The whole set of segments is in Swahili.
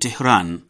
Tehran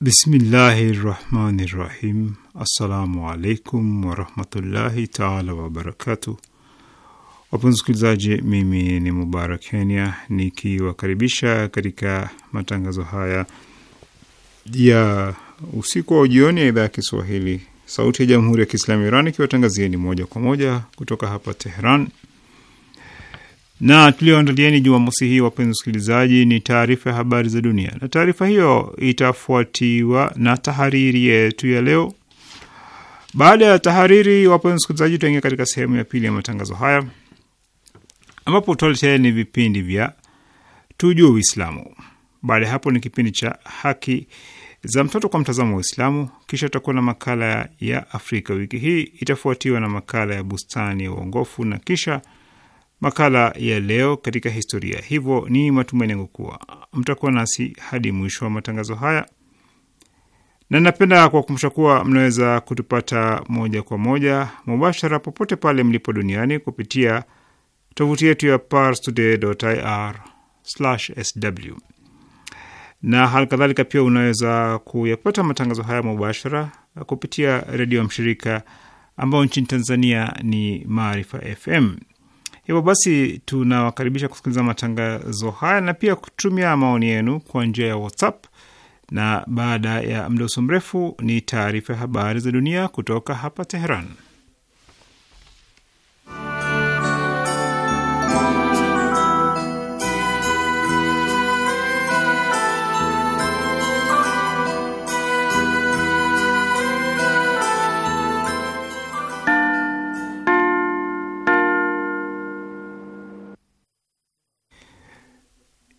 Bismillahi rahmani rahim. Assalamu alaikum warahmatullahi taala wabarakatu. Wapenzi wasikilizaji, mimi ni Mubarak Kenya nikiwakaribisha katika matangazo haya ya usiku wa ujioni ya idhaa ya Kiswahili sauti ya jamhuri ya Kiislamu Iran ikiwatangazieni moja kwa moja kutoka hapa Tehran na tulioandalieni Jumamosi hii, wapenzi wasikilizaji, ni taarifa ya habari za dunia, na taarifa hiyo itafuatiwa na tahariri yetu ya leo. Baada ya tahariri, wapenzi wasikilizaji, tutaingia katika sehemu ya pili ya matangazo haya ambapo tutaleteni vipindi vya tujue Uislamu. Baada ya hapo ni kipindi cha haki za mtoto kwa mtazamo wa Uislamu, kisha tutakuwa na makala ya Afrika wiki hii, itafuatiwa na makala ya bustani ya uongofu na kisha makala ya leo katika historia. Hivyo ni matumaini yangu kuwa mtakuwa nasi hadi mwisho wa matangazo haya, na napenda kuwakumbusha kuwa mnaweza kutupata moja kwa moja mubashara popote pale mlipo duniani kupitia tovuti yetu ya parstoday.ir/sw na hali kadhalika pia unaweza kuyapata matangazo haya mubashara kupitia redio mshirika ambao nchini Tanzania ni Maarifa FM. Hivyo basi tunawakaribisha kusikiliza matangazo haya na pia kutumia maoni yenu kwa njia ya WhatsApp. Na baada ya mdoso mrefu ni taarifa ya habari za dunia kutoka hapa Teheran.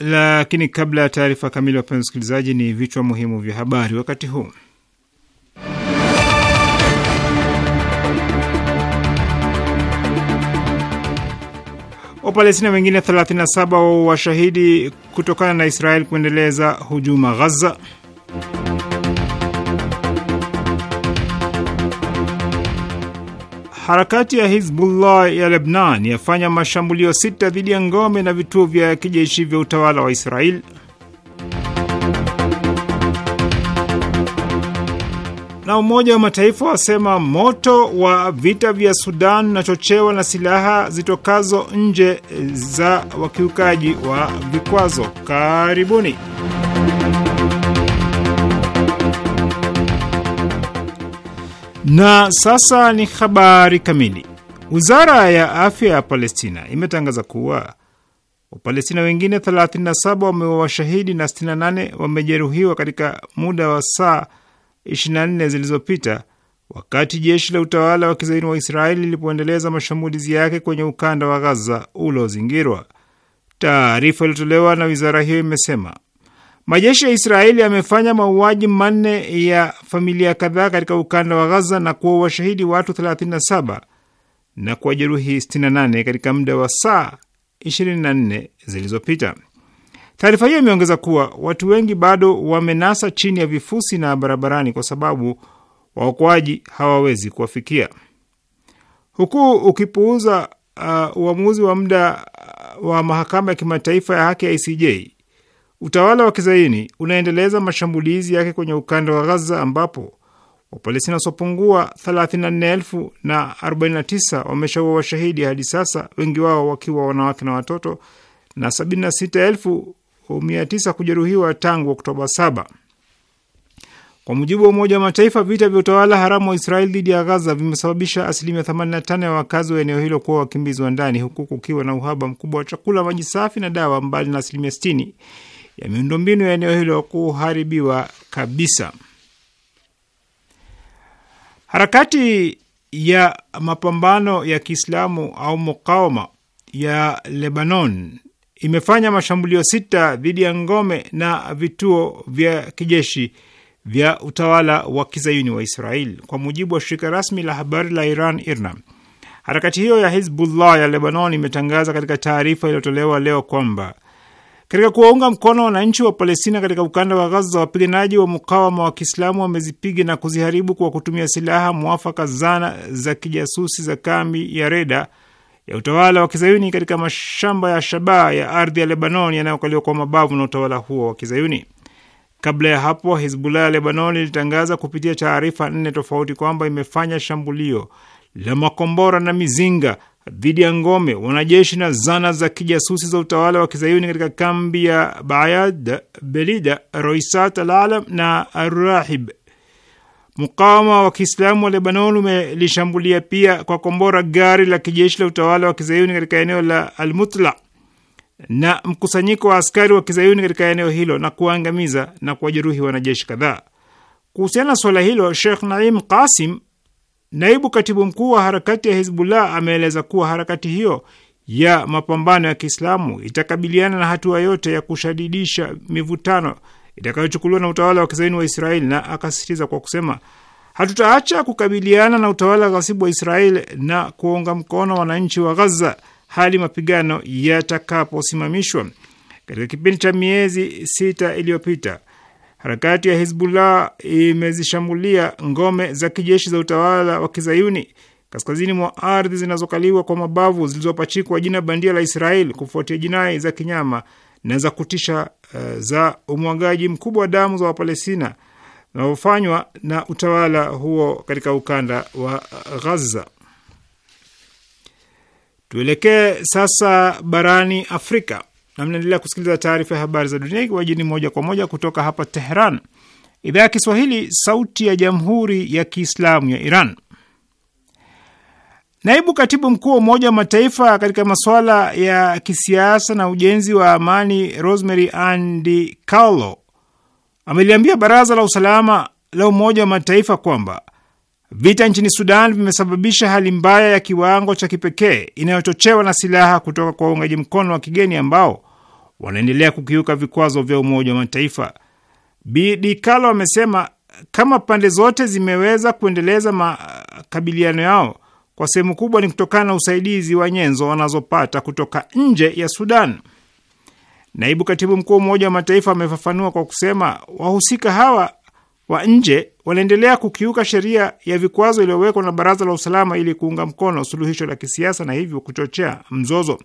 Lakini kabla ya taarifa kamili, wapenzi wasikilizaji, ni vichwa muhimu vya habari wakati huu. Wapalestina wengine 37 washahidi kutokana na Israel kuendeleza hujuma Ghaza. Harakati ya Hizbullah ya Lebnan yafanya mashambulio sita dhidi ya ngome na vituo vya kijeshi vya utawala wa Israel. Na Umoja wa Mataifa wasema moto wa vita vya Sudan unachochewa na silaha zitokazo nje za wakiukaji wa vikwazo. Karibuni. Na sasa ni habari kamili. Wizara ya afya ya Palestina imetangaza kuwa Wapalestina wengine 37 wamewashahidi na 68 wamejeruhiwa katika muda wa saa 24 zilizopita wakati jeshi la utawala wa kizaini wa Israeli lilipoendeleza mashambulizi yake kwenye ukanda wa Gaza uliozingirwa. Taarifa iliyotolewa na wizara hiyo imesema Majeshi ya Israeli yamefanya mauaji manne ya familia kadhaa katika ukanda wa Ghaza na kuwa washahidi watu 37 na kuwajeruhi 68 katika muda wa saa 24 zilizopita. Taarifa hiyo imeongeza kuwa watu wengi bado wamenasa chini ya vifusi na barabarani kwa sababu waokoaji hawawezi kuwafikia, huku ukipuuza uh, uamuzi wa muda uh, wa mahakama ya kimataifa ya haki ya ICJ Utawala wa kizaini unaendeleza mashambulizi yake kwenye ukanda wa Ghaza ambapo Wapalestina wasiopungua 34,000 na 49 wameshaua washahidi hadi sasa, wengi wao wakiwa wanawake na watoto na 76,900 kujeruhiwa tangu Oktoba 7. Kwa mujibu wa Umoja wa Mataifa, vita vya utawala haramu wa Israeli dhidi ya Gaza vimesababisha asilimia 85 ya wakazi wa eneo hilo kuwa wakimbizi wa ndani, huku kukiwa na uhaba mkubwa wa chakula, maji safi na dawa, mbali na asilimia ya miundombinu ya eneo hilo kuharibiwa kabisa. Harakati ya mapambano ya Kiislamu au mukawama ya Lebanon imefanya mashambulio sita dhidi ya ngome na vituo vya kijeshi vya utawala wa kizayuni wa Israel kwa mujibu wa shirika rasmi la habari la Iran IRNA. Harakati hiyo ya Hizbullah ya Lebanon imetangaza katika taarifa iliyotolewa leo kwamba katika kuwaunga mkono wananchi wa Palestina katika ukanda wa Gaza, wapiganaji wa mukawama wa Kiislamu wamezipiga na kuziharibu kwa kutumia silaha mwafaka zana za kijasusi za kambi ya reda ya utawala wa kizayuni katika mashamba ya shabaa ya ardhi ya Lebanon yanayokaliwa kwa mabavu na utawala huo wa kizayuni. Kabla ya hapo, Hizbullah ya Lebanon ilitangaza kupitia taarifa nne tofauti kwamba imefanya shambulio la makombora na mizinga dhidi ya ngome, wanajeshi na zana za kijasusi za utawala wa kizayuni katika kambi ya Bayad, Belida, Roisat Alalam na Arrahib. Mukawama wa Kiislamu wa Lebanon umelishambulia pia kwa kombora gari la kijeshi la utawala wa kizayuni katika eneo la Almutla na mkusanyiko wa askari wa kizayuni katika eneo hilo na kuangamiza na kuwajeruhi wanajeshi kadhaa. Kuhusiana na suala hilo, Sheikh Naim Qasim Naibu katibu mkuu wa harakati ya Hizbullah ameeleza kuwa harakati hiyo ya mapambano ya Kiislamu itakabiliana na hatua yote ya kushadidisha mivutano itakayochukuliwa na utawala wa kizaini wa Israeli, na akasisitiza kwa kusema, hatutaacha kukabiliana na utawala ghasibu wa Israeli na kuunga mkono wananchi wa Ghaza hadi mapigano yatakaposimamishwa. Katika kipindi cha miezi sita iliyopita Harakati ya Hizbullah imezishambulia ngome za kijeshi za utawala wa kizayuni kaskazini mwa ardhi zinazokaliwa kwa mabavu zilizopachikwa jina bandia la Israeli kufuatia jinai za kinyama na za kutisha uh, za umwagaji mkubwa wa damu za Wapalestina unaofanywa na utawala huo katika ukanda wa eh, ghaza Tuelekee sasa barani Afrika na mnaendelea kusikiliza taarifa ya habari za dunia ikiwajini moja kwa moja kutoka hapa Teheran, idhaa ya Kiswahili, sauti ya jamhuri ya kiislamu ya Iran. Naibu katibu mkuu wa Umoja wa Mataifa katika masuala ya kisiasa na ujenzi wa amani Rosemary Andi Carlo ameliambia Baraza la Usalama la Umoja wa Mataifa kwamba vita nchini Sudan vimesababisha hali mbaya ya kiwango cha kipekee inayochochewa na silaha kutoka kwa uungaji mkono wa kigeni ambao wanaendelea kukiuka vikwazo vya Umoja wa Mataifa. Bi Dikala wamesema kama pande zote zimeweza kuendeleza makabiliano yao kwa sehemu kubwa ni kutokana na usaidizi wa nyenzo wanazopata kutoka nje ya Sudan. Naibu katibu mkuu wa Umoja wa Mataifa amefafanua kwa kusema wahusika hawa wa nje wanaendelea kukiuka sheria ya vikwazo iliyowekwa na Baraza la Usalama ili kuunga mkono suluhisho la kisiasa na hivyo kuchochea mzozo.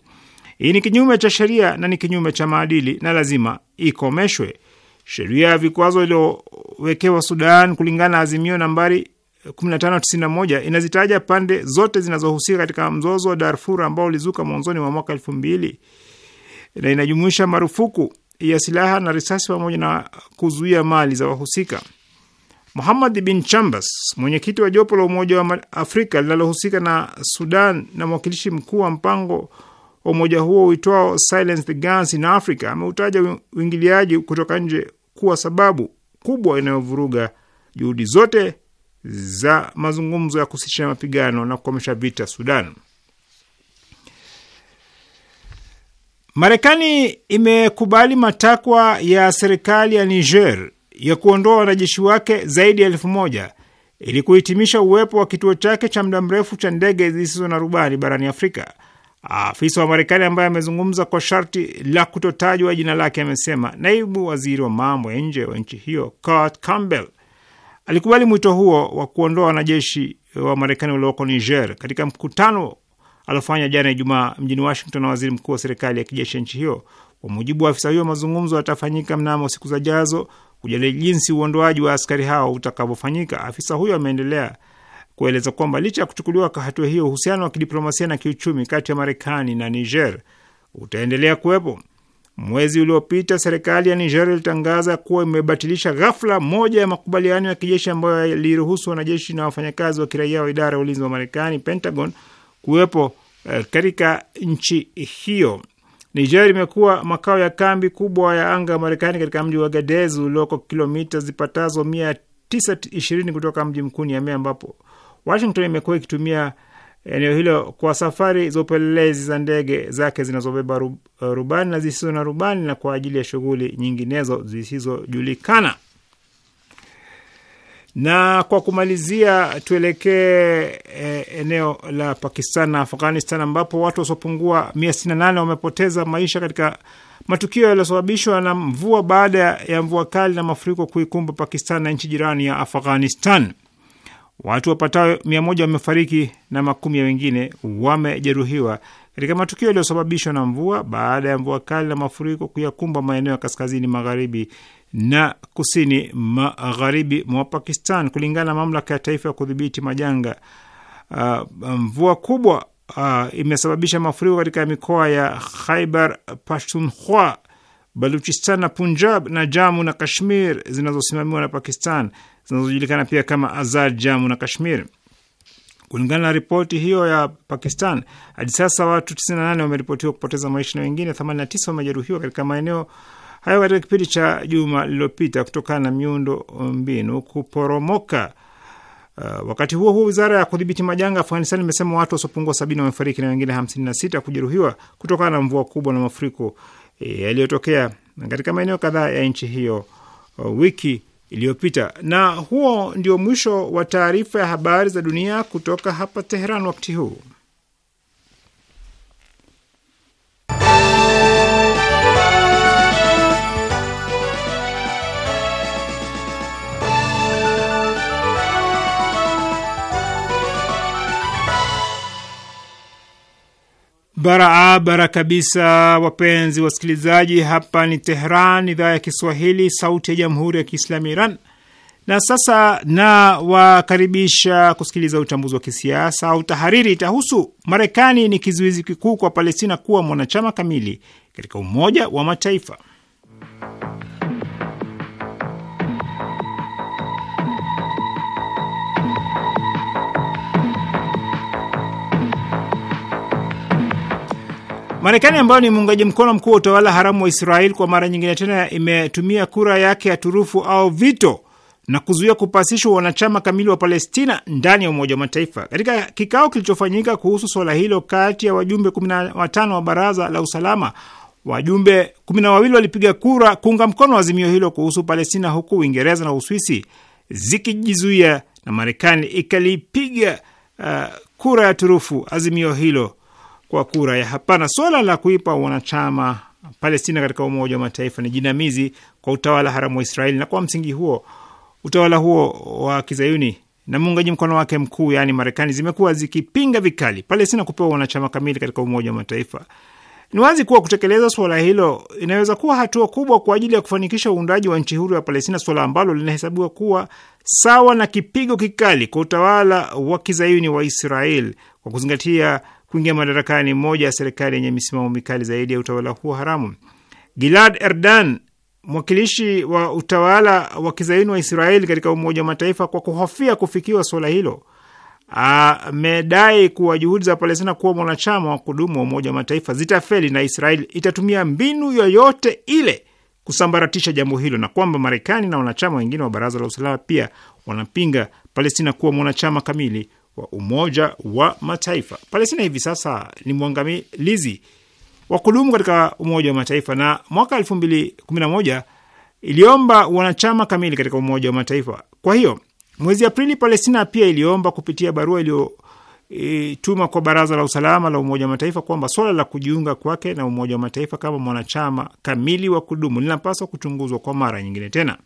Hii ni kinyume cha sheria na ni kinyume cha maadili na lazima ikomeshwe. Sheria ya vikwazo iliyowekewa Sudan kulingana na azimio nambari 1591 inazitaja pande zote zinazohusika katika mzozo wa Darfur ambao ulizuka mwanzoni mwa mwaka elfu mbili na inajumuisha marufuku ya silaha na risasi pamoja na kuzuia mali za wahusika. Muhamad bin Chambas, mwenyekiti wa jopo la Umoja wa Afrika linalohusika na Sudan na mwakilishi mkuu wa mpango wa umoja huo uitwao Silence the Guns in Africa ameutaja uingiliaji kutoka nje kuwa sababu kubwa inayovuruga juhudi zote za mazungumzo ya kusitisha mapigano na kukomesha vita Sudan. Marekani imekubali matakwa ya serikali ya Niger ya kuondoa wanajeshi wake zaidi ya elfu moja ili kuhitimisha uwepo wa kituo chake cha muda mrefu cha ndege zisizo na rubani barani Afrika. Afisa wa Marekani ambaye amezungumza kwa sharti la kutotajwa jina lake amesema naibu waziri wa mambo ya nje wa nchi hiyo Kurt Campbell alikubali mwito huo wa kuondoa wanajeshi wa Marekani walioko Niger katika mkutano aliofanya jana Ijumaa mjini Washington na waziri mkuu wa serikali ya kijeshi ya nchi hiyo. Kwa mujibu wa afisa huyo, mazungumzo yatafanyika mnamo siku zajazo kujadili jinsi uondoaji wa askari hao utakavyofanyika. Afisa huyo ameendelea kueleza kwamba licha ya kuchukuliwa kwa hatua hiyo, uhusiano wa kidiplomasia na kiuchumi kati ya Marekani na Niger utaendelea kuwepo. Mwezi uliopita serikali ya Niger ilitangaza kuwa imebatilisha ghafla moja ya makubaliano ya kijeshi ambayo yaliruhusu wanajeshi na wafanyakazi wa kiraia wa idara ya ulinzi wa Marekani, Pentagon, kuwepo eh, katika nchi hiyo. Niger imekuwa makao ya kambi kubwa ya anga ya Marekani katika mji wa Gadez ulioko kilomita zipatazo mia kutoka mji mkuu Niamey, ambapo Washington imekuwa ikitumia eneo hilo kwa safari za upelelezi za ndege zake zinazobeba eh, rubani na zisizo na rubani na kwa ajili ya shughuli nyinginezo zisizojulikana. Na kwa kumalizia, tuelekee eh, eneo la Pakistan na Afghanistan ambapo watu wasiopungua 168 wamepoteza maisha katika matukio yaliyosababishwa na mvua baada ya mvua kali na mafuriko kuikumba Pakistan na nchi jirani ya Afghanistan. Watu wapatao mia moja wamefariki na makumi ya wengine wamejeruhiwa katika matukio yaliyosababishwa na mvua baada ya mvua kali na mafuriko kuyakumba maeneo ya kaskazini magharibi na kusini magharibi mwa Pakistan, kulingana na mamlaka ya taifa ya kudhibiti majanga. Uh, mvua kubwa uh, imesababisha mafuriko katika mikoa ya Khaibar Pakhtunkhwa, Baluchistan na Punjab na Jamu na Kashmir zinazosimamiwa na Pakistan zinazojulikana pia kama Azad, Jamu na Kashmir. Kulingana na ripoti hiyo ya Pakistan, hadi sasa watu 98 wameripotiwa kupoteza maisha na wengine 89 wamejeruhiwa katika maeneo hayo katika kipindi cha juma lililopita kutokana na miundo mbinu kuporomoka. Uh, wakati huo huo, wizara ya kudhibiti majanga Afghanistan imesema watu wasiopungua sabini wamefariki na wengine hamsini na sita kujeruhiwa kutokana na mvua kubwa na mafuriko eh, yaliyotokea e, katika maeneo kadhaa ya nchi hiyo uh, wiki iliyopita. Na huo ndio mwisho wa taarifa ya habari za dunia kutoka hapa Teheran wakati huu. Barabara ah, kabisa, wapenzi wasikilizaji, hapa ni Tehran, idhaa ya Kiswahili, sauti ya jamhuri ya kiislamu Iran. Na sasa na wakaribisha kusikiliza uchambuzi wa kisiasa au tahariri. Itahusu Marekani ni kizuizi kikuu kwa Palestina kuwa mwanachama kamili katika Umoja wa Mataifa. Marekani ambayo ni muungaji mkono mkuu wa utawala haramu wa Israel kwa mara nyingine tena imetumia kura yake ya turufu au vito na kuzuia kupasishwa wanachama kamili wa Palestina ndani ya Umoja wa Mataifa. Katika kikao kilichofanyika kuhusu suala hilo kati ya wajumbe 15 wa Baraza la Usalama, wajumbe 12 walipiga kura kuunga mkono azimio hilo kuhusu Palestina, huku Uingereza na Uswisi zikijizuia na Marekani ikalipiga uh, kura ya turufu azimio hilo kwa kura ya hapana. Swala la kuipa wanachama Palestina katika Umoja wa Mataifa ni jinamizi kwa utawala haramu wa Israeli, na kwa msingi huo utawala huo wa kizayuni na muungaji mkono wake mkuu, yaani Marekani, zimekuwa zikipinga vikali Palestina kupewa wanachama kamili katika Umoja wa Mataifa. Ni wazi kuwa kutekeleza suala hilo inaweza kuwa hatua kubwa kwa ajili ya kufanikisha uundaji wa nchi huru ya Palestina, suala ambalo linahesabiwa kuwa sawa na kipigo kikali kwa utawala wa kizayuni wa Israel kwa kuzingatia kuingia madarakani moja ya serikali yenye misimamo mikali zaidi ya utawala huo haramu. Gilad Erdan, mwakilishi wa utawala wa kizaini wa Israeli katika Umoja wa Mataifa, kwa kuhofia kufikiwa suala hilo, amedai kuwa juhudi za Palestina kuwa mwanachama wa kudumu wa Umoja wa Mataifa zitafeli na Israeli itatumia mbinu yoyote ile kusambaratisha jambo hilo, na kwamba Marekani na wanachama wengine wa Baraza la Usalama pia wanapinga Palestina kuwa mwanachama kamili wa Umoja wa Mataifa. Palestina hivi sasa ni mwangamilizi wa kudumu katika Umoja wa Mataifa, na mwaka elfu mbili kumi na moja iliomba wanachama kamili katika Umoja wa Mataifa. Kwa hiyo mwezi Aprili, Palestina pia iliomba kupitia barua iliyotuma e, kwa Baraza la Usalama la Umoja wa Mataifa kwamba swala la kujiunga kwake na Umoja wa Mataifa kama mwanachama kamili wa kudumu linapaswa kuchunguzwa kwa mara nyingine tena.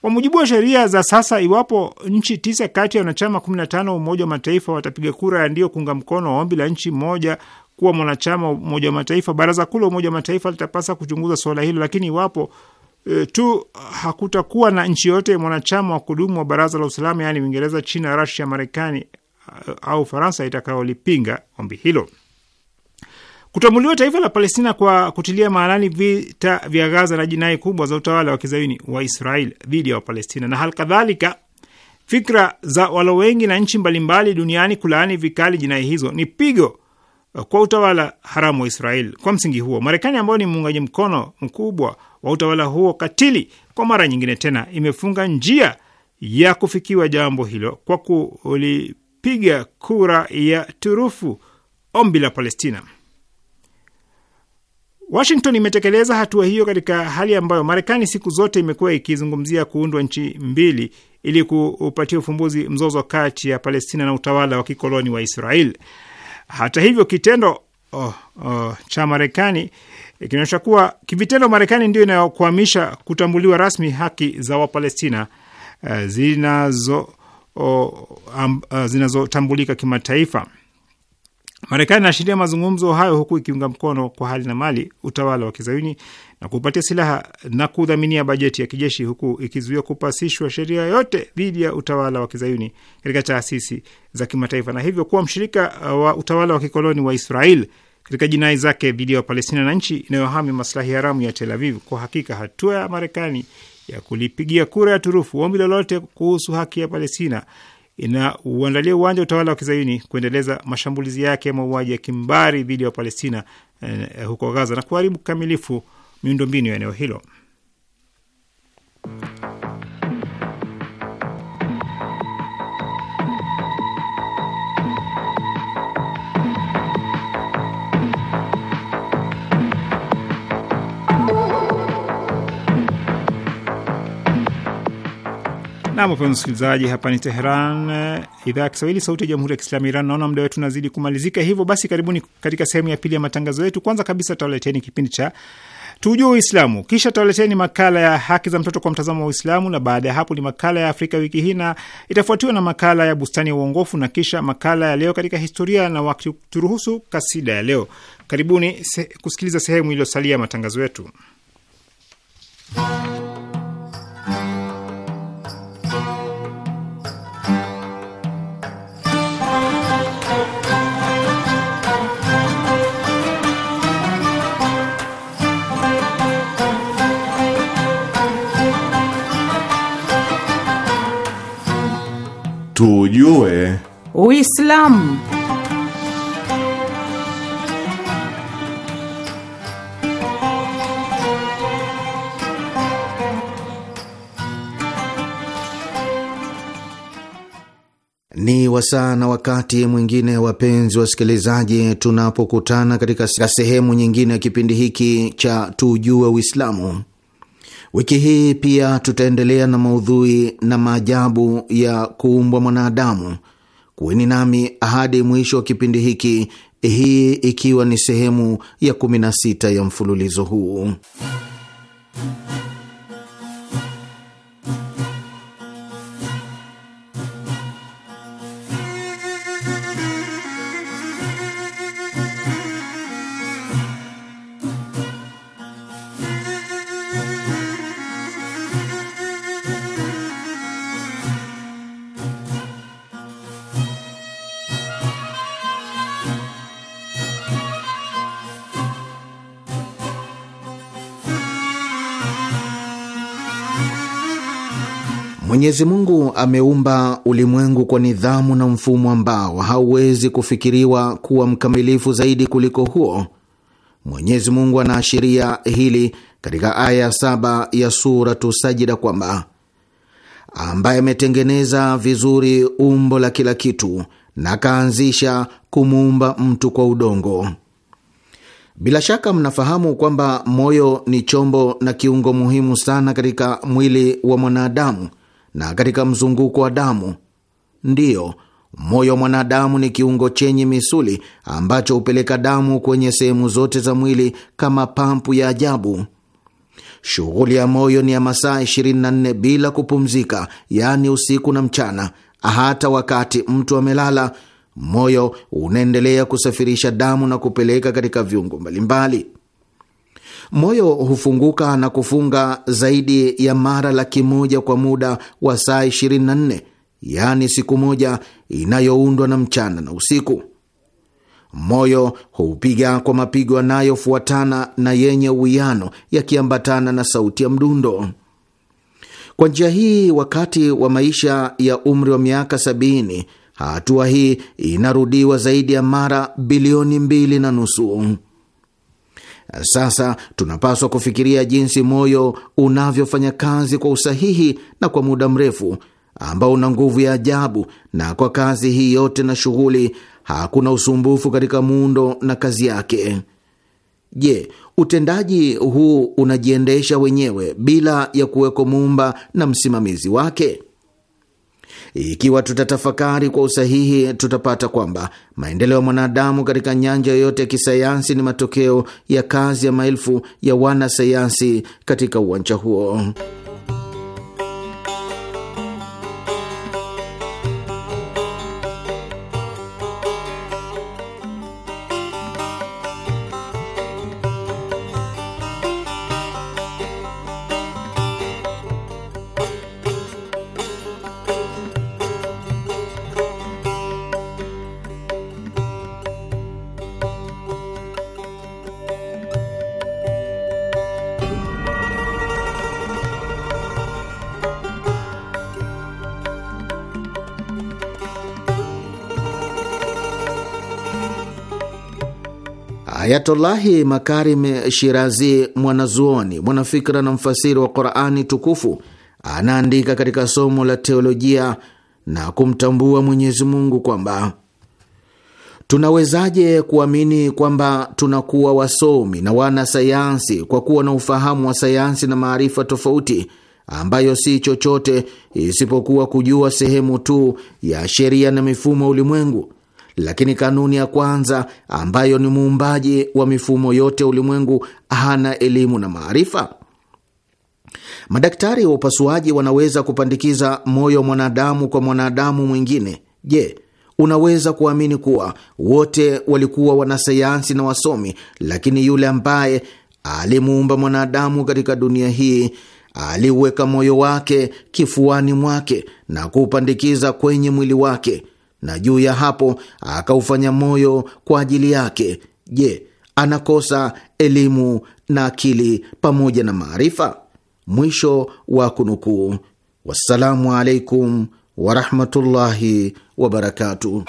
Kwa mujibu wa sheria za sasa, iwapo nchi tisa kati ya wanachama 15 wa Umoja wa Mataifa watapiga kura ya ndio kuunga mkono ombi la nchi moja kuwa mwanachama Umoja wa Mataifa, baraza kuu la Umoja wa Mataifa litapasa kuchunguza suala hilo. Lakini iwapo e, tu hakutakuwa na nchi yote mwanachama wa kudumu wa Baraza la Usalama, yaani Uingereza, China, Rasia, Marekani au Faransa itakayolipinga ombi hilo Kutambuliwa taifa la Palestina kwa kutilia maanani vita vya Gaza na jinai kubwa za utawala wa kizayuni wa Israel dhidi ya Wapalestina, na halikadhalika fikra za walo wengi na nchi mbalimbali duniani kulaani vikali jinai hizo ni pigo kwa utawala haramu wa Israel. Kwa msingi huo, Marekani ambayo ni muungaji mkono mkubwa wa utawala huo katili, kwa mara nyingine tena imefunga njia ya kufikiwa jambo hilo kwa kulipiga kura ya turufu ombi la Palestina. Washington imetekeleza hatua hiyo katika hali ambayo Marekani siku zote imekuwa ikizungumzia kuundwa nchi mbili ili kupatia ufumbuzi mzozo kati ya Palestina na utawala wa kikoloni wa Israel. Hata hivyo kitendo oh, oh, cha Marekani kinaonyesha kuwa kivitendo Marekani ndio inayokwamisha kutambuliwa rasmi haki za Wapalestina eh, zinazotambulika oh, um, uh, zinazotambulika kimataifa. Marekani inaashiria mazungumzo hayo huku ikiunga mkono kwa hali na mali utawala wa kizayuni na kupatia silaha na kudhaminia bajeti ya kijeshi huku ikizuia kupasishwa sheria yote dhidi ya utawala wa kizayuni katika taasisi za kimataifa na hivyo kuwa mshirika wa utawala wa kikoloni wa Israel katika jinai zake dhidi ya Wapalestina na nchi inayohami maslahi haramu ya Tel Aviv. Kwa hakika hatua ya Marekani ya kulipigia kura ya turufu ombi lolote kuhusu haki ya Palestina inauandalia uwanja wa utawala wa kizayuni kuendeleza mashambulizi yake ya mauaji ya kimbari dhidi ya Wapalestina eh, huko Gaza na kuharibu kikamilifu miundombinu ya eneo hilo. Nam wapea msikilizaji, hapa ni Teheran, idhaa ya Kiswahili, sauti ya jamhuri ya kiislamu Iran. Naona muda wetu unazidi kumalizika, hivyo basi karibuni katika sehemu ya pili ya matangazo yetu. Kwanza kabisa tawaleteni kipindi cha Tujue Uislamu, kisha tawaleteni makala ya haki za mtoto kwa mtazamo wa Uislamu, na baada ya hapo ni makala ya Afrika wiki hii, na itafuatiwa na makala ya bustani ya uongofu, na kisha makala ya leo katika historia, na wakituruhusu kasida ya leo. Karibuni se kusikiliza sehemu iliyosalia ya matangazo yetu. tujue Uislamu. Ni wasaa na wakati mwingine, wapenzi wasikilizaji, tunapokutana katika sehemu nyingine ya kipindi hiki cha tujue Uislamu. Wiki hii pia tutaendelea na maudhui na maajabu ya kuumbwa mwanadamu. Kuweni nami hadi mwisho wa kipindi hiki, hii ikiwa ni sehemu ya 16 ya mfululizo huu. Mwenyezi Mungu ameumba ulimwengu kwa nidhamu na mfumo ambao hauwezi kufikiriwa kuwa mkamilifu zaidi kuliko huo. Mwenyezi Mungu anaashiria hili katika aya ya saba ya Suratu Sajida kwamba ambaye ametengeneza vizuri umbo la kila kitu na akaanzisha kumuumba mtu kwa udongo. Bila shaka mnafahamu kwamba moyo ni chombo na kiungo muhimu sana katika mwili wa mwanadamu na katika mzunguko wa damu. Ndiyo, moyo wa mwanadamu ni kiungo chenye misuli ambacho hupeleka damu kwenye sehemu zote za mwili kama pampu ya ajabu. Shughuli ya moyo ni ya masaa 24 bila kupumzika, yaani usiku na mchana. Hata wakati mtu amelala, moyo unaendelea kusafirisha damu na kupeleka katika viungo mbalimbali. Moyo hufunguka na kufunga zaidi ya mara laki moja kwa muda wa saa 24, yaani siku moja inayoundwa na mchana na usiku. Moyo huupiga kwa mapigo yanayofuatana na yenye uwiano, yakiambatana na sauti ya mdundo. Kwa njia hii, wakati wa maisha ya umri wa miaka sabini, hatua hii inarudiwa zaidi ya mara bilioni mbili na nusu. Sasa tunapaswa kufikiria jinsi moyo unavyofanya kazi kwa usahihi na kwa muda mrefu ambao una nguvu ya ajabu, na kwa kazi hii yote na shughuli, hakuna usumbufu katika muundo na kazi yake. Je, utendaji huu unajiendesha wenyewe bila ya kuweko muumba na msimamizi wake? Ikiwa tutatafakari kwa usahihi, tutapata kwamba maendeleo ya mwanadamu katika nyanja yoyote ya kisayansi ni matokeo ya kazi ya maelfu ya wanasayansi katika uwanja huo. Ayatullahi Makarim Shirazi, mwanazuoni, mwanafikra na mfasiri wa Qurani Tukufu, anaandika katika somo la teolojia na kumtambua Mwenyezi Mungu kwamba tunawezaje kuamini kwamba tunakuwa wasomi na wana sayansi kwa kuwa na ufahamu wa sayansi na maarifa tofauti ambayo si chochote isipokuwa kujua sehemu tu ya sheria na mifumo ulimwengu lakini kanuni ya kwanza ambayo ni muumbaji wa mifumo yote ya ulimwengu hana elimu na maarifa? Madaktari wa upasuaji wanaweza kupandikiza moyo mwanadamu kwa mwanadamu mwingine. Je, unaweza kuamini kuwa wote walikuwa wanasayansi na wasomi, lakini yule ambaye alimuumba mwanadamu katika dunia hii aliuweka moyo wake kifuani mwake na kuupandikiza kwenye mwili wake na juu ya hapo akaufanya moyo kwa ajili yake, je, anakosa elimu na akili pamoja na maarifa? Mwisho wa kunukuu. Wassalamu alaikum warahmatullahi wabarakatuh.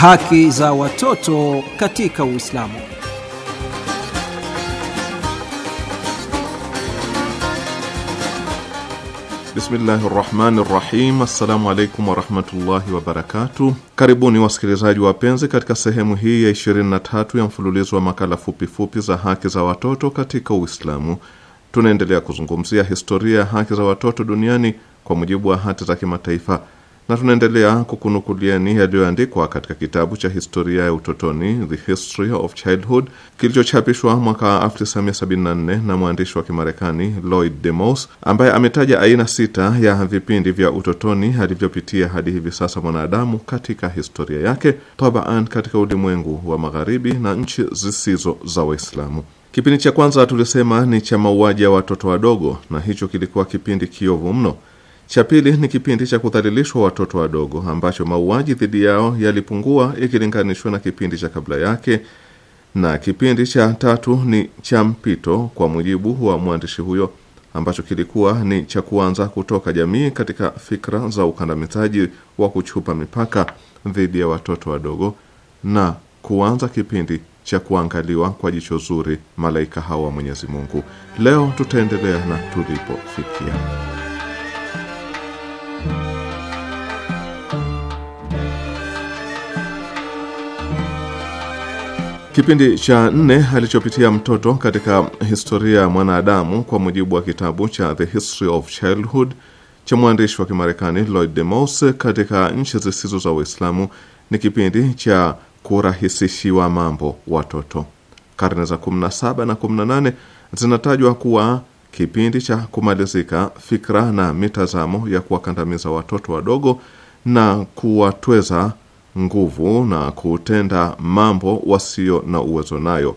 Haki za watoto katika Uislamu. Bismillahi rahmani rahim. Assalamu alaikum warahmatullahi wabarakatu. Karibuni wasikilizaji wapenzi, katika sehemu hii ya 23 ya mfululizo wa makala fupifupi za haki za watoto katika Uislamu. Tunaendelea kuzungumzia historia ya haki za watoto duniani kwa mujibu wa hati za kimataifa na tunaendelea kukunukulieni yaliyoandikwa katika kitabu cha historia ya utotoni, The History of Childhood, kilichochapishwa mwaka 1974 na mwandishi wa Kimarekani Lloyd DeMoss, ambaye ametaja aina sita ya vipindi vya utotoni alivyopitia hadi hivi sasa mwanadamu katika historia yake, tabaan katika ulimwengu wa Magharibi na nchi zisizo za Waislamu. Kipindi cha kwanza tulisema ni cha mauaji ya watoto wadogo, na hicho kilikuwa kipindi kiovu mno cha pili ni kipindi cha kudhalilishwa watoto wadogo ambacho mauaji dhidi yao yalipungua ikilinganishwa na kipindi cha kabla yake, na kipindi cha tatu ni cha mpito kwa mujibu wa mwandishi huyo, ambacho kilikuwa ni cha kuanza kutoka jamii katika fikra za ukandamizaji wa kuchupa mipaka dhidi ya watoto wadogo na kuanza kipindi cha kuangaliwa kwa jicho zuri malaika hawa wa Mwenyezi Mungu. Leo tutaendelea na tulipofikia. Kipindi cha nne alichopitia mtoto katika historia ya mwanadamu kwa mujibu wa kitabu cha The History of Childhood cha mwandishi wa Kimarekani Lloyd de katika nchi zisizo za Uislamu ni kipindi cha kurahisishiwa mambo watoto. Karne za 17 na 18 zinatajwa kuwa kipindi cha kumalizika fikra na mitazamo ya kuwakandamiza watoto wadogo na kuwatweza nguvu na kutenda mambo wasio na uwezo nayo.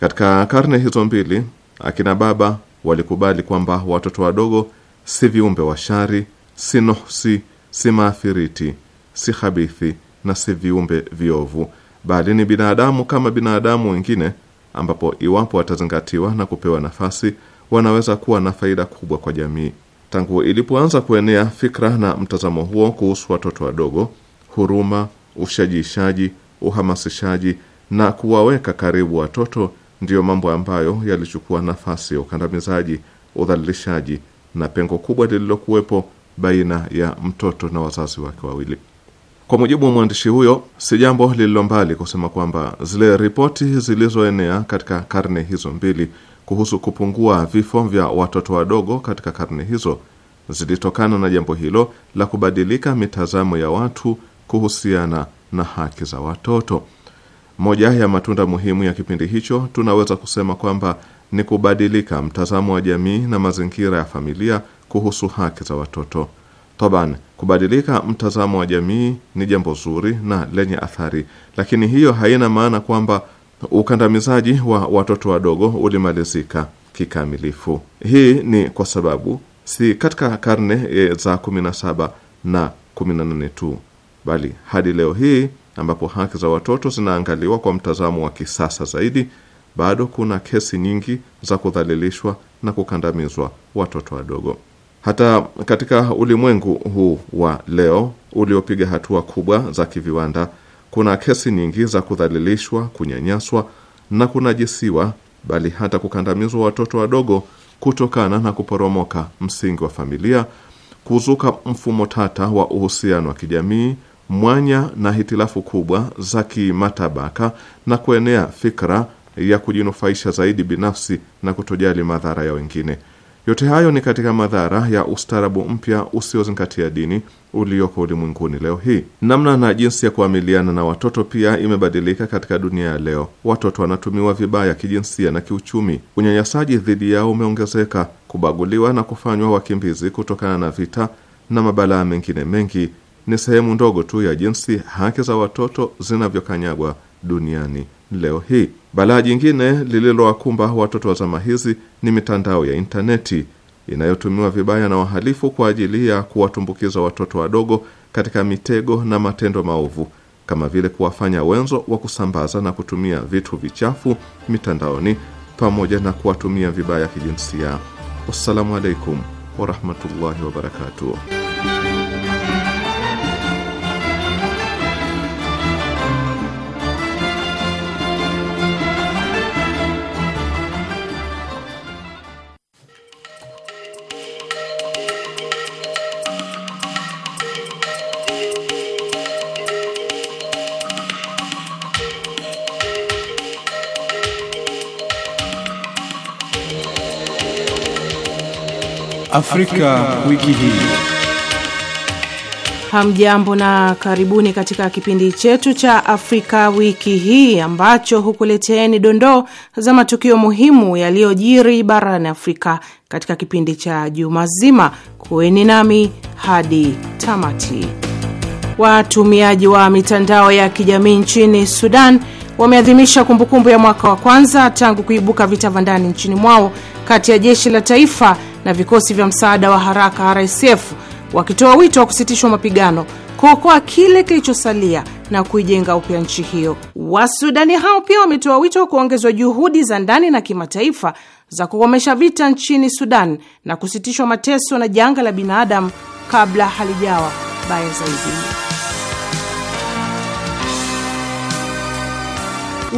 Katika karne hizo mbili, akina baba walikubali kwamba watoto wadogo si viumbe wa shari, si nohsi, si maafiriti, si habithi na si viumbe viovu, bali ni binadamu kama binadamu wengine, ambapo iwapo watazingatiwa na kupewa nafasi, wanaweza kuwa na faida kubwa kwa jamii. Tangu ilipoanza kuenea fikra na mtazamo huo kuhusu watoto wadogo, huruma ushajiishaji, uhamasishaji na kuwaweka karibu watoto ndiyo mambo ambayo yalichukua nafasi ya ukandamizaji, udhalilishaji na pengo kubwa lililokuwepo baina ya mtoto na wazazi wake wawili. Kwa mujibu wa mwandishi huyo, si jambo lililo mbali kusema kwamba zile ripoti zilizoenea katika karne hizo mbili kuhusu kupungua vifo vya watoto wadogo katika karne hizo zilitokana na jambo hilo la kubadilika mitazamo ya watu kuhusiana na haki za watoto. Moja ya matunda muhimu ya kipindi hicho tunaweza kusema kwamba ni kubadilika mtazamo wa jamii na mazingira ya familia kuhusu haki za watoto. Toban, kubadilika mtazamo wa jamii ni jambo zuri na lenye athari, lakini hiyo haina maana kwamba ukandamizaji wa watoto wadogo ulimalizika kikamilifu. Hii ni kwa sababu si katika karne eh, za 17 na 18 tu bali hadi leo hii ambapo haki za watoto zinaangaliwa kwa mtazamo wa kisasa zaidi, bado kuna kesi nyingi za kudhalilishwa na kukandamizwa watoto wadogo. Hata katika ulimwengu huu wa leo uliopiga hatua kubwa za kiviwanda, kuna kesi nyingi za kudhalilishwa, kunyanyaswa na kunajisiwa, bali hata kukandamizwa watoto wadogo kutokana na kuporomoka msingi wa familia, kuzuka mfumo tata wa uhusiano wa kijamii mwanya na hitilafu kubwa za kimatabaka na kuenea fikra ya kujinufaisha zaidi binafsi na kutojali madhara ya wengine. Yote hayo ni katika madhara ya ustaarabu mpya usiozingatia dini ulioko ulimwenguni leo hii. Namna na jinsi ya kuamiliana na watoto pia imebadilika katika dunia ya leo. Watoto wanatumiwa vibaya kijinsia na kiuchumi. Unyanyasaji dhidi yao umeongezeka, kubaguliwa na kufanywa wakimbizi kutokana na vita na mabalaa mengine mengi ni sehemu ndogo tu ya jinsi haki za watoto zinavyokanyagwa duniani leo hii. Balaa jingine lililowakumba watoto wa zama hizi ni mitandao ya intaneti inayotumiwa vibaya na wahalifu kwa ajili ya kuwatumbukiza watoto wadogo katika mitego na matendo maovu kama vile kuwafanya wenzo wa kusambaza na kutumia vitu vichafu mitandaoni pamoja na kuwatumia vibaya kijinsia. Wassalamu alaikum warahmatullahi wabarakatuh. Afrika wiki hii. Hamjambo na karibuni katika kipindi chetu cha Afrika wiki hii ambacho hukuleteeni dondoo za matukio muhimu yaliyojiri barani Afrika katika kipindi cha juma zima. Kuweni nami hadi tamati. Watumiaji wa mitandao ya kijamii nchini Sudan wameadhimisha kumbukumbu ya mwaka wa kwanza tangu kuibuka vita vya ndani nchini mwao kati ya jeshi la taifa na vikosi vya msaada wa haraka RSF wakitoa wito wa kusitishwa mapigano, kuokoa kile kilichosalia na kuijenga upya nchi hiyo. Wasudani hao pia wametoa wito wa kuongezwa juhudi za ndani na kimataifa za kukomesha vita nchini Sudan na kusitishwa mateso na janga la binadamu kabla halijawa baya zaidi.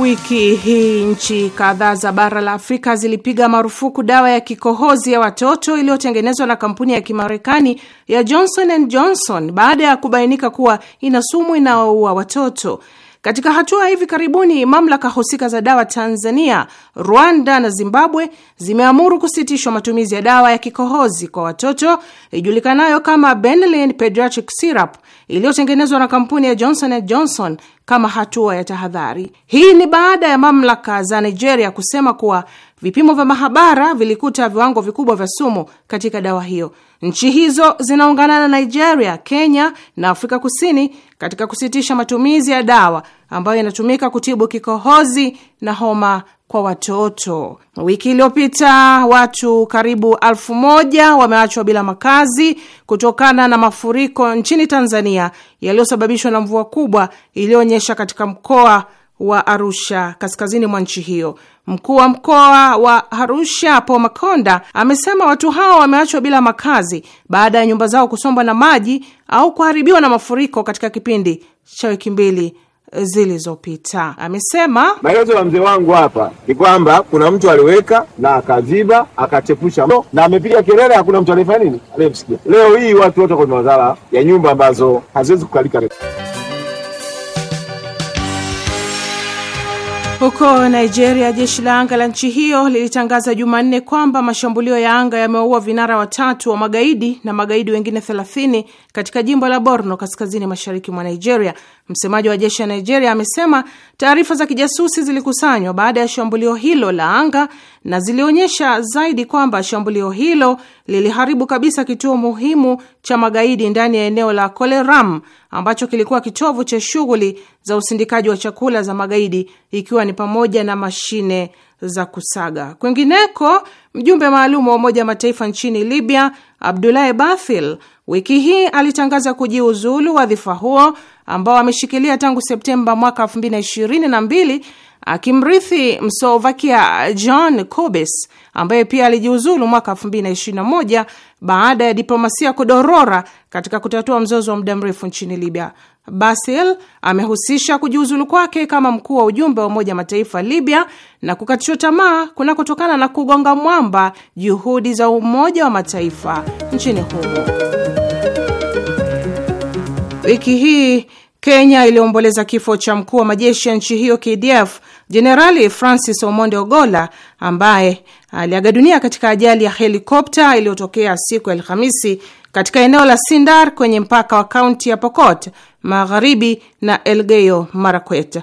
Wiki hii nchi kadhaa za bara la Afrika zilipiga marufuku dawa ya kikohozi ya watoto iliyotengenezwa na kampuni ya Kimarekani ya Johnson and Johnson baada ya kubainika kuwa ina sumu inayoua watoto. Katika hatua hivi karibuni, mamlaka husika za dawa Tanzania, Rwanda na Zimbabwe zimeamuru kusitishwa matumizi ya dawa ya kikohozi kwa watoto ijulikanayo kama Benylin Pediatric Syrup iliyotengenezwa na kampuni ya Johnson and Johnson kama hatua ya tahadhari. Hii ni baada ya mamlaka za Nigeria kusema kuwa Vipimo vya mahabara vilikuta viwango vikubwa vya sumu katika dawa hiyo. Nchi hizo zinaungana na Nigeria, Kenya na Afrika Kusini katika kusitisha matumizi ya dawa ambayo inatumika kutibu kikohozi na homa kwa watoto. Wiki iliyopita watu karibu elfu moja wameachwa bila makazi kutokana na mafuriko nchini Tanzania yaliyosababishwa na mvua kubwa iliyoonyesha katika mkoa wa Arusha kaskazini mwa nchi hiyo. Mkuu wa mkoa wa Arusha Po Makonda amesema watu hao wameachwa bila makazi baada ya nyumba zao kusombwa na maji au kuharibiwa na mafuriko katika kipindi cha wiki mbili zilizopita. Amesema maelezo ya mzee wangu hapa ni kwamba kuna mtu aliweka na akaziba akachepusha na amepiga kelele, hakuna mtu alifanya nini, aliyemsikia. Leo hii watu wote kwenye madhara ya nyumba ambazo haziwezi kukalika. Huko Nigeria, jeshi la anga la nchi hiyo lilitangaza Jumanne kwamba mashambulio ya anga yamewaua vinara watatu wa magaidi na magaidi wengine 30 katika jimbo la Borno, kaskazini mashariki mwa Nigeria. Msemaji wa jeshi la Nigeria amesema taarifa za kijasusi zilikusanywa baada ya shambulio hilo la anga na zilionyesha zaidi kwamba shambulio hilo liliharibu kabisa kituo muhimu cha magaidi ndani ya eneo la Koleram ambacho kilikuwa kitovu cha shughuli za usindikaji wa chakula za magaidi ikiwa ni pamoja na mashine za kusaga. Kwingineko, mjumbe maalum wa Umoja wa Mataifa nchini Libya Abdulahi Bathil wiki hii alitangaza kujiuzulu wadhifa huo ambao ameshikilia tangu Septemba mwaka 2022 akimrithi Mslovakia John Kobes ambaye pia alijiuzulu mwaka 2021 baada ya diplomasia kudorora katika kutatua mzozo wa muda mrefu nchini Libya. Basil amehusisha kujiuzulu kwake kama mkuu wa ujumbe wa Umoja Mataifa Libya na kukatishwa tamaa kunakotokana na kugonga mwamba juhudi za Umoja wa Mataifa nchini humo. Wiki hii Kenya iliomboleza kifo cha mkuu wa majeshi ya nchi hiyo KDF Jenerali Francis Omonde Ogola ambaye aliaga dunia katika ajali ya helikopta iliyotokea siku ya Alhamisi katika eneo la Sindar kwenye mpaka wa kaunti ya Pokot Magharibi na Elgeyo Marakwet. Uh,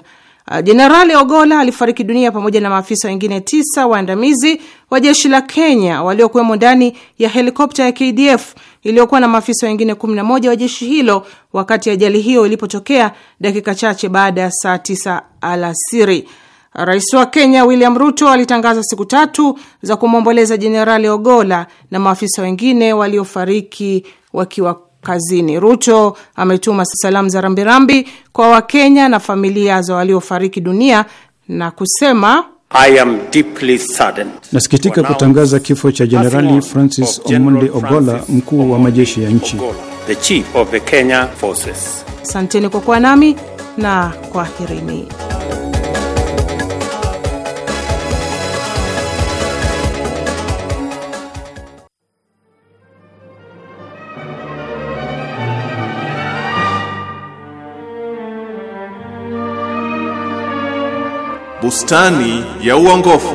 Jenerali Ogola alifariki dunia pamoja na maafisa wengine tisa waandamizi wa jeshi la Kenya waliokuwemo ndani ya helikopta ya KDF iliyokuwa na maafisa wengine 11 wa jeshi hilo wakati ajali hiyo ilipotokea dakika chache baada ya saa 9 alasiri. Rais wa Kenya William Ruto alitangaza siku tatu za kumwomboleza Jenerali Ogola na maafisa wengine waliofariki wakiwa kazini. Ruto ametuma salamu za rambirambi kwa Wakenya na familia za waliofariki dunia na kusema I am deeply saddened. Nasikitika kutangaza kifo cha Jenerali Francis omonde Ogola, mkuu wa majeshi ya nchi. The Chief of the Kenya Forces. Asanteni kwa kuwa nami na kwaherini. Bustani ya uongofu.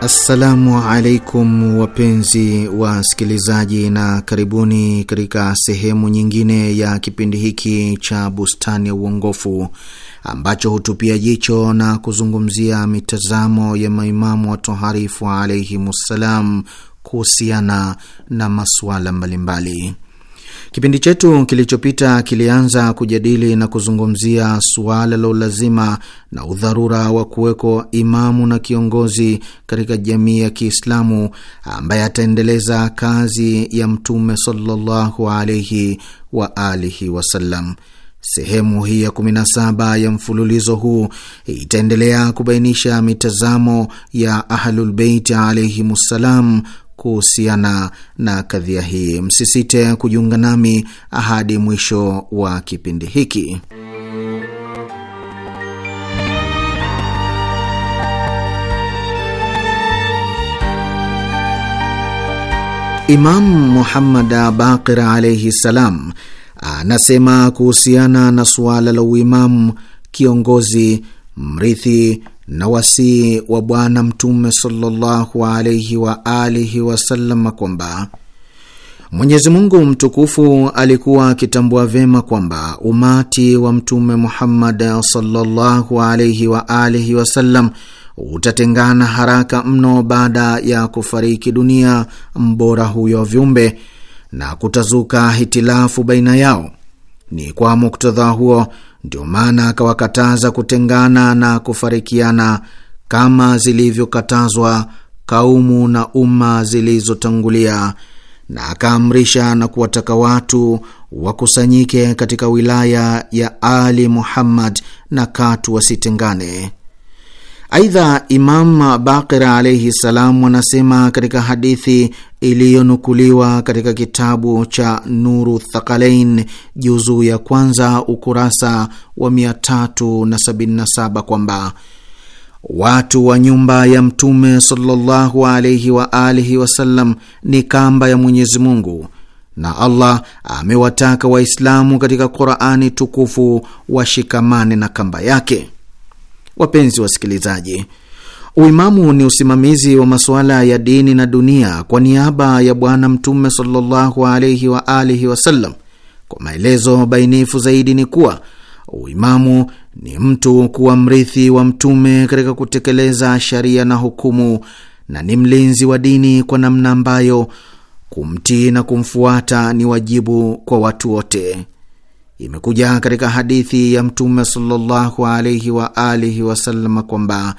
Assalamu alaikum wapenzi sikilizaji, na karibuni katika sehemu nyingine ya kipindi hiki cha Bustani ya Uongofu ambacho hutupia jicho na kuzungumzia mitazamo ya maimamu watoharifu alaihimussalam kuhusiana na masuala mbalimbali. Kipindi chetu kilichopita kilianza kujadili na kuzungumzia suala la ulazima na udharura wa kuweko imamu na kiongozi katika jamii ya Kiislamu ambaye ataendeleza kazi ya Mtume sallallahu alaihi wa alihi wasallam. Sehemu hii ya 17 ya mfululizo huu itaendelea kubainisha mitazamo ya Ahlulbeiti alaihimussalam kuhusiana na kadhia hii. Msisite kujiunga nami hadi mwisho wa kipindi hiki. Imamu Muhammad Baqir alaihi ssalam anasema kuhusiana na suala la uimamu, kiongozi, mrithi na wasii wa Bwana Mtume sallallahu alaihi wa alihi wasallam kwamba Mwenyezi Mungu mtukufu alikuwa akitambua vyema kwamba umati wa Mtume Muhammad sallallahu alaihi wa alihi wasallam utatengana haraka mno baada ya kufariki dunia mbora huyo viumbe na kutazuka hitilafu baina yao. Ni kwa muktadha huo ndio maana akawakataza kutengana na kufarikiana kama zilivyokatazwa kaumu na umma zilizotangulia, na akaamrisha na kuwataka watu wakusanyike katika wilaya ya Ali Muhammad na katu wasitengane. Aidha, Imam Bakir alaihi ssalam anasema katika hadithi iliyonukuliwa katika kitabu cha Nuru thakalain juzu ya kwanza ukurasa wa 377 kwamba watu wa nyumba ya Mtume sallallahu alaihi wa alihi wasallam ni kamba ya Mwenyezi Mungu, na Allah amewataka Waislamu katika Qurani tukufu washikamane na kamba yake. Wapenzi wasikilizaji, uimamu ni usimamizi wa masuala ya dini na dunia kwa niaba ya Bwana Mtume sallallahu alaihi wa alihi wasallam. Kwa maelezo bainifu zaidi ni kuwa uimamu ni mtu kuwa mrithi wa mtume katika kutekeleza sharia na hukumu, na ni mlinzi wa dini kwa namna ambayo kumtii na kumfuata ni wajibu kwa watu wote. Imekuja katika hadithi ya Mtume sallallahu alaihi wa alihi wasallam kwamba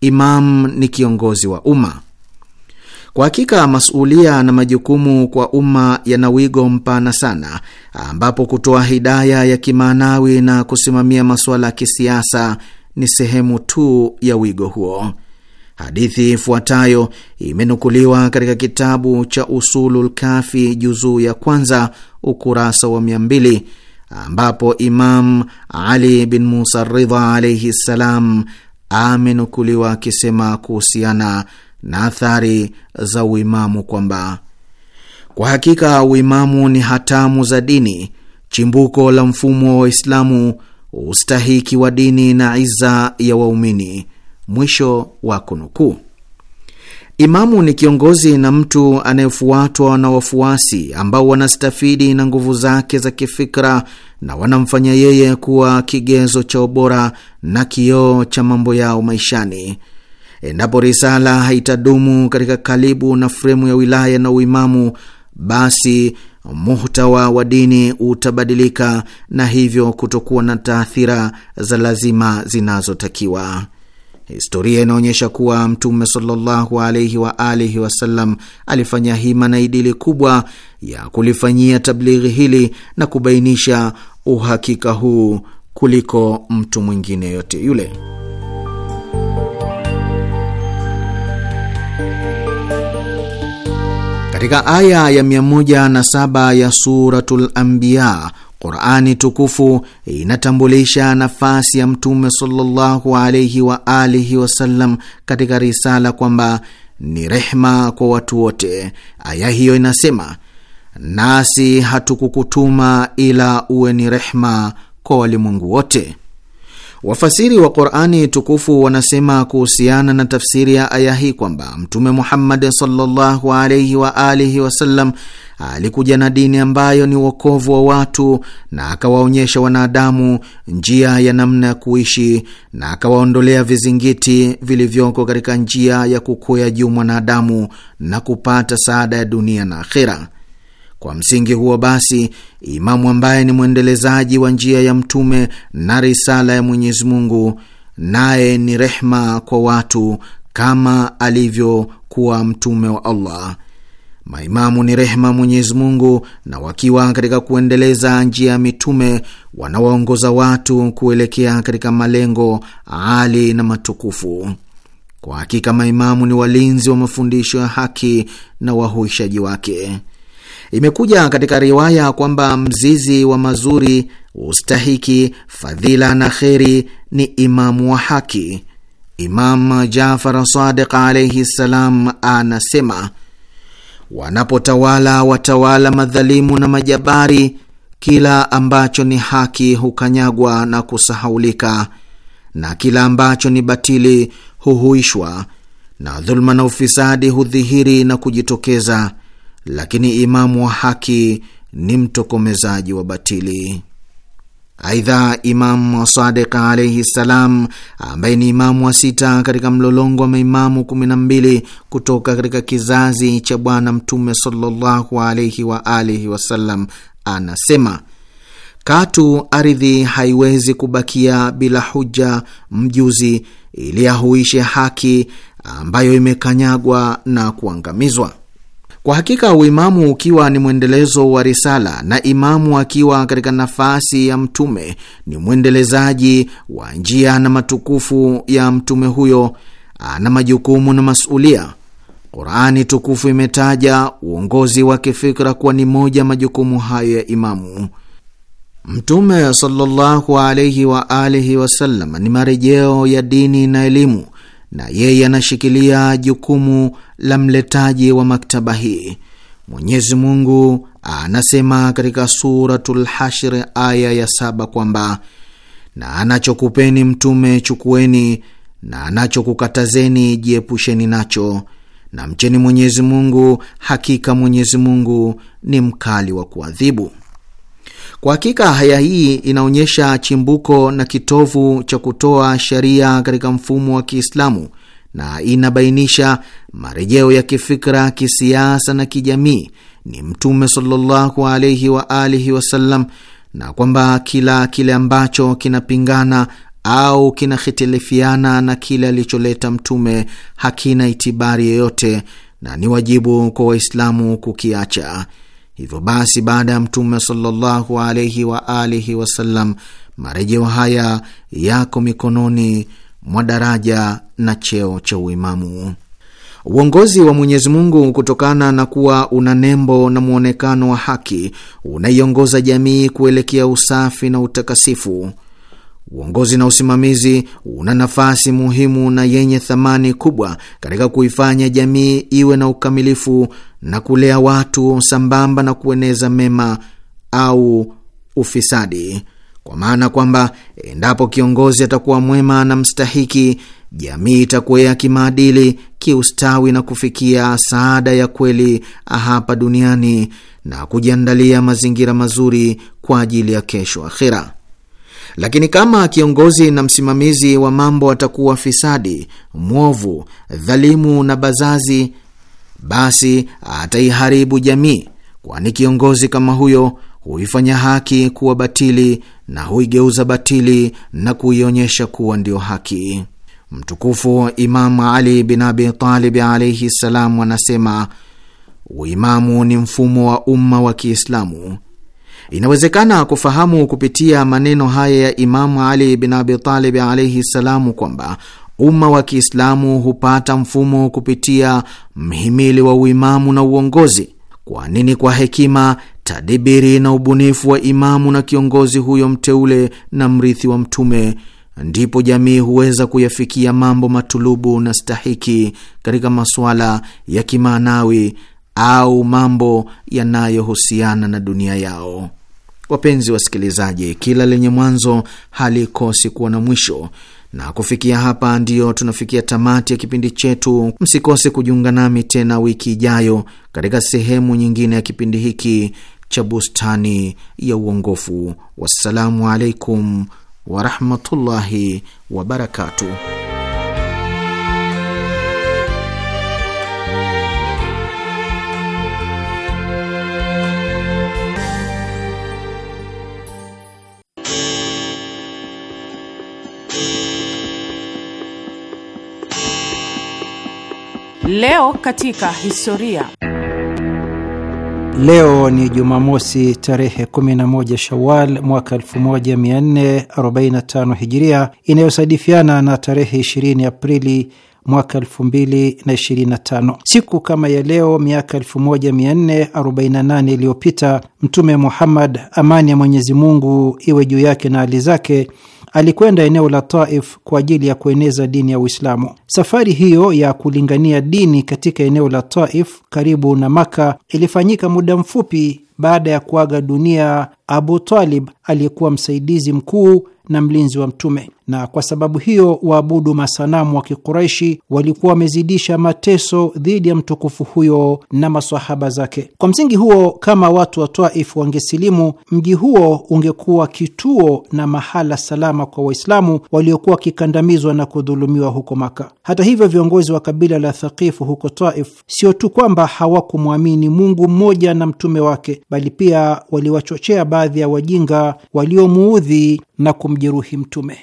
imam ni kiongozi wa umma. Kwa hakika masulia na majukumu kwa umma yana wigo mpana sana, ambapo kutoa hidaya ya kimaanawi na kusimamia masuala ya kisiasa ni sehemu tu ya wigo huo. Hadithi ifuatayo imenukuliwa katika kitabu cha Usulul Kafi juzuu ya kwanza ukurasa wa mia mbili ambapo Imam Ali bin Musa Ridha alaihi ssalam amenukuliwa akisema kuhusiana na athari za uimamu kwamba kwa hakika uimamu ni hatamu za dini, chimbuko la mfumo wa Waislamu, ustahiki wa dini na iza ya waumini. Mwisho wa kunukuu. Imamu ni kiongozi na mtu anayefuatwa na wafuasi ambao wanastafidi na nguvu zake za kifikra na wanamfanya yeye kuwa kigezo cha ubora na kioo cha mambo yao maishani. Endapo risala haitadumu katika kalibu na fremu ya wilaya na uimamu, basi muhtawa wa dini utabadilika na hivyo kutokuwa na taathira za lazima zinazotakiwa. Historia inaonyesha kuwa Mtume sallallahu alaihi wa alihi wasallam alifanya hima na idili kubwa ya kulifanyia tablighi hili na kubainisha uhakika huu kuliko mtu mwingine yote yule. Katika aya ya 107 ya Suratul Anbiya Qurani tukufu inatambulisha nafasi ya Mtume sallallahu alaihi wa alihi wasallam katika risala kwamba ni rehma kwa watu wote. Aya hiyo inasema, nasi hatukukutuma ila uwe ni rehma kwa walimwengu wote. Wafasiri wa Qurani tukufu wanasema kuhusiana na tafsiri ya aya hii kwamba Mtume Muhammad sallallahu alaihi wa alihi wasallam alikuja na dini ambayo ni uokovu wa watu na akawaonyesha wanadamu njia ya namna ya kuishi na akawaondolea vizingiti vilivyoko katika njia ya kukuya juu mwanadamu na kupata saada ya dunia na akhera. Kwa msingi huo basi, imamu ambaye ni mwendelezaji wa njia ya mtume na risala ya Mwenyezi Mungu, naye ni rehma kwa watu kama alivyokuwa mtume wa Allah. Maimamu ni rehma Mwenyezi Mungu, na wakiwa katika kuendeleza njia ya mitume wanawaongoza watu kuelekea katika malengo ali na matukufu. Kwa hakika maimamu ni walinzi wa mafundisho ya haki na wahuishaji wake. Imekuja katika riwaya kwamba mzizi wa mazuri, ustahiki, fadhila na kheri ni imamu wa haki. Imam Jafar Sadiq alaihi ssalam anasema, wanapotawala watawala madhalimu na majabari, kila ambacho ni haki hukanyagwa na kusahaulika, na kila ambacho ni batili huhuishwa, na dhuluma na ufisadi hudhihiri na kujitokeza lakini imamu wa haki ni mtokomezaji wa batili. Aidha, Imamu Sadiq alaihi ssalam, ambaye ni imamu wa sita katika mlolongo wa maimamu kumi na mbili kutoka katika kizazi cha Bwana Mtume sallallahu alaihi wa alihi wasallam, anasema katu ardhi haiwezi kubakia bila huja mjuzi ili ahuishe haki ambayo imekanyagwa na kuangamizwa. Kwa hakika uimamu ukiwa ni mwendelezo wa risala na imamu akiwa katika nafasi ya mtume ni mwendelezaji wa njia na matukufu ya mtume huyo, ana majukumu na masulia. Qurani tukufu imetaja uongozi wa kifikra kuwa ni moja majukumu hayo ya imamu. Mtume sallallahu alaihi wa alihi wasallam ni marejeo ya dini na elimu na yeye anashikilia jukumu la mletaji wa maktaba hii. Mwenyezi Mungu anasema katika Suratul Hashr aya ya saba kwamba na anachokupeni mtume chukueni, na anachokukatazeni jiepusheni nacho, na mcheni Mwenyezi Mungu, hakika Mwenyezi Mungu ni mkali wa kuadhibu. Kwa hakika haya hii inaonyesha chimbuko na kitovu cha kutoa sheria katika mfumo wa Kiislamu na inabainisha marejeo ya kifikra, kisiasa na kijamii ni Mtume sallallahu alaihi wa alihi wasallam, na kwamba kila kile ambacho kinapingana au kinahitilifiana na kile alicholeta Mtume hakina itibari yoyote na ni wajibu kwa Waislamu kukiacha. Hivyo basi, baada ya Mtume sallallahu alaihi wa alihi wasallam, marejeo haya yako mikononi mwa daraja na cheo cha uimamu. Uongozi wa Mwenyezi Mungu, kutokana na kuwa una nembo na mwonekano wa haki, unaiongoza jamii kuelekea usafi na utakasifu. Uongozi na usimamizi una nafasi muhimu na yenye thamani kubwa katika kuifanya jamii iwe na ukamilifu na kulea watu sambamba na kueneza mema au ufisadi, kwa maana kwamba endapo kiongozi atakuwa mwema na mstahiki, jamii itakuwa kimaadili, kiustawi na kufikia saada ya kweli hapa duniani na kujiandalia mazingira mazuri kwa ajili ya kesho akhira. Lakini kama kiongozi na msimamizi wa mambo atakuwa fisadi, mwovu, dhalimu na bazazi, basi ataiharibu jamii, kwani kiongozi kama huyo huifanya haki kuwa batili na huigeuza batili na kuionyesha kuwa ndio haki. Mtukufu Imamu Ali bin Abi Talib alaihi ssalam anasema uimamu ni mfumo wa umma wa Kiislamu. Inawezekana kufahamu kupitia maneno haya ya Imamu Ali bin Abitalib alaihi ssalamu kwamba umma wa Kiislamu hupata mfumo kupitia mhimili wa uimamu na uongozi. Kwa nini? Kwa hekima, tadibiri na ubunifu wa imamu na kiongozi huyo mteule na mrithi wa Mtume, ndipo jamii huweza kuyafikia mambo matulubu na stahiki katika masuala ya kimaanawi au mambo yanayohusiana na dunia yao. Wapenzi wasikilizaji, kila lenye mwanzo halikosi kuwa na mwisho, na kufikia hapa ndiyo tunafikia tamati ya kipindi chetu. Msikose kujiunga nami tena wiki ijayo katika sehemu nyingine ya kipindi hiki cha Bustani ya Uongofu. Wassalamu alaikum warahmatullahi wabarakatuh. Leo katika historia. Leo ni Jumamosi tarehe 11 Shawal mwaka 1445 Hijiria, inayosadifiana na tarehe 20 Aprili mwaka 2025. Siku kama ya leo miaka 1448 iliyopita Mtume Muhammad, amani ya Mwenyezi Mungu iwe juu yake na hali zake alikwenda eneo la Taif kwa ajili ya kueneza dini ya Uislamu. Safari hiyo ya kulingania dini katika eneo la Taif karibu na Maka ilifanyika muda mfupi baada ya kuaga dunia Abu Talib aliyekuwa msaidizi mkuu na mlinzi wa Mtume, na kwa sababu hiyo waabudu masanamu wa Kikureishi walikuwa wamezidisha mateso dhidi ya mtukufu huyo na masahaba zake. Kwa msingi huo, kama watu wa Taif wangesilimu, mji huo ungekuwa kituo na mahala salama kwa Waislamu waliokuwa wakikandamizwa na kudhulumiwa huko Maka. Hata hivyo, viongozi wa kabila la Thakifu huko taif sio tu kwamba hawakumwamini Mungu mmoja na mtume wake bali pia waliwachochea baadhi ya wajinga waliomuudhi na kumjeruhi Mtume.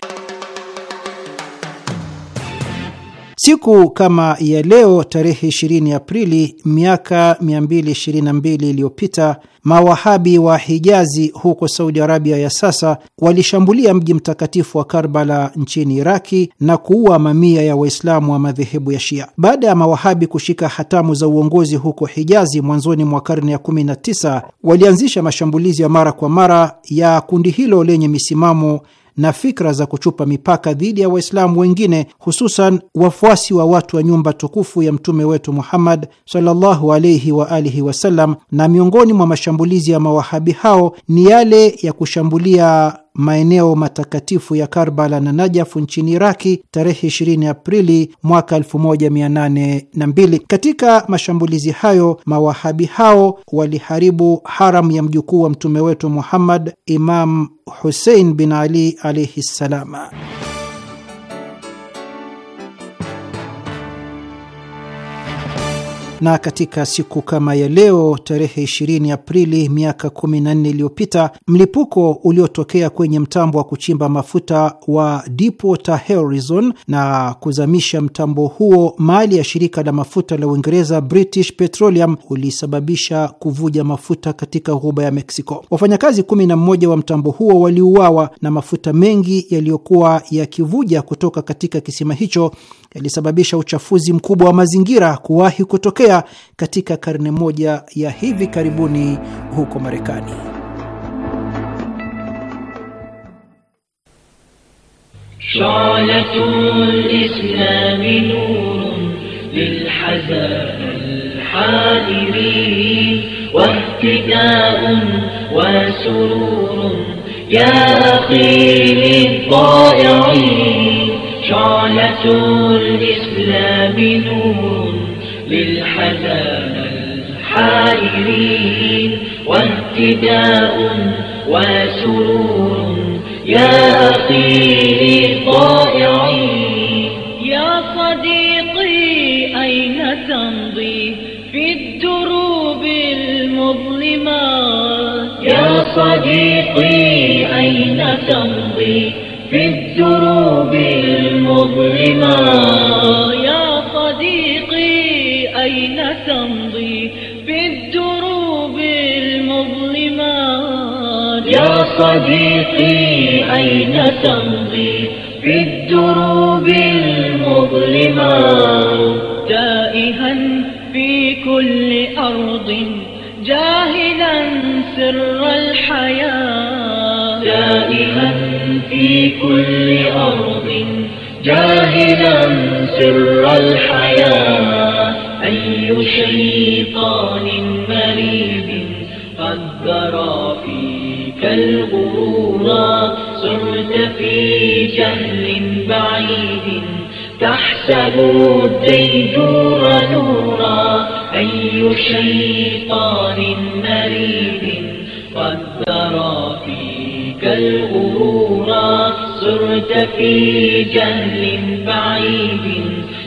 Siku kama ya leo tarehe 20 Aprili miaka 222 iliyopita mawahabi wa Hijazi huko Saudi Arabia ya sasa walishambulia mji mtakatifu wa Karbala nchini Iraki na kuua mamia ya Waislamu wa madhehebu ya Shia. Baada ya mawahabi kushika hatamu za uongozi huko Hijazi mwanzoni mwa karne ya 19, walianzisha mashambulizi ya mara kwa mara ya kundi hilo lenye misimamo na fikra za kuchupa mipaka dhidi ya Waislamu wengine, hususan wafuasi wa watu wa nyumba tukufu ya mtume wetu Muhammad sallallahu alaihi wa alihi wasallam. Na miongoni mwa mashambulizi ya mawahabi hao ni yale ya kushambulia maeneo matakatifu ya Karbala na Najafu nchini Iraki tarehe 20 Aprili mwaka 1802. Katika mashambulizi hayo mawahabi hao waliharibu haram ya mjukuu wa mtume wetu Muhammad, Imam Husein bin Ali alaihi ssalama. na katika siku kama ya leo tarehe 20 Aprili miaka 14 iliyopita, mlipuko uliotokea kwenye mtambo wa kuchimba mafuta wa Deepwater Horizon na kuzamisha mtambo huo mali ya shirika la mafuta la Uingereza British Petroleum ulisababisha kuvuja mafuta katika ghuba ya Mexico. Wafanyakazi 11 wa mtambo huo waliuawa na mafuta mengi yaliyokuwa yakivuja kutoka katika kisima hicho yalisababisha uchafuzi mkubwa wa mazingira kuwahi kutokea katika karne moja ya hivi karibuni huko Marekani. شعلة الإسلام نور للحزان الحائرين واهتداء وسرور يا أخي للضائعين يا صديقي أين تمضي في الدروب المظلمات يا صديقي أين تمضي في الدروب مظلما يا صديقي أين تمضي في الدروب المظلمة يا صديقي أين تمضي في الدروب المظلمة تائها في كل أرض جاهلا سر الحياة تائها في كل أرض جاهلا سر الحياة أي شيطان قد درى فيك الغرورا صرت في جهل بعيد تحسب الديجور نورا أي شيطان قد درى فيك الغرورا صرت في جهل بعيد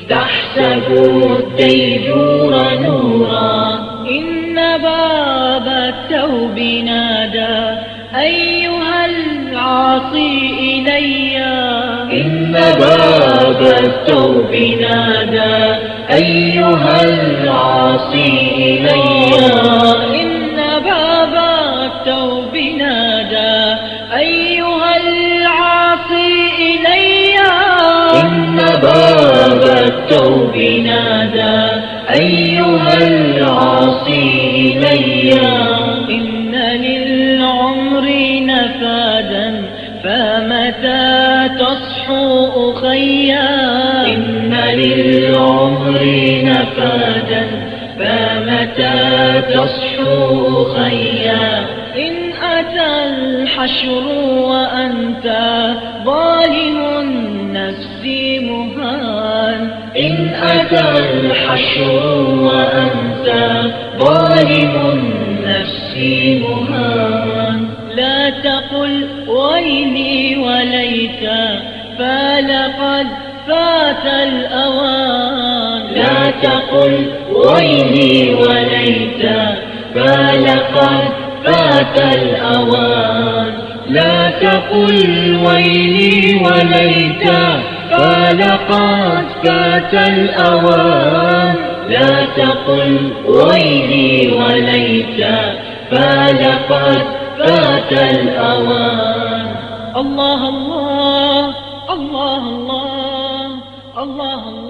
تحسب الديجور نورا إن باب التوب نادى أيها العاصي إليّ إن باب التوب نادى أيها العاصي إليّ فادا فمتى تصحو خيا إن أتى الحشر وأنت ظالم نفسي مهان إن أتى الحشر وأنت ظالم نفسي مهان لا تقل ويلي وليت فلقد فات الأوان تقل ويلي وليت فلقد فات الأوان لا تقل ويلي وليت فلقد فات الأوان لا تقل ويلي وليت فلقد فات الأوان الله الله الله الله الله الله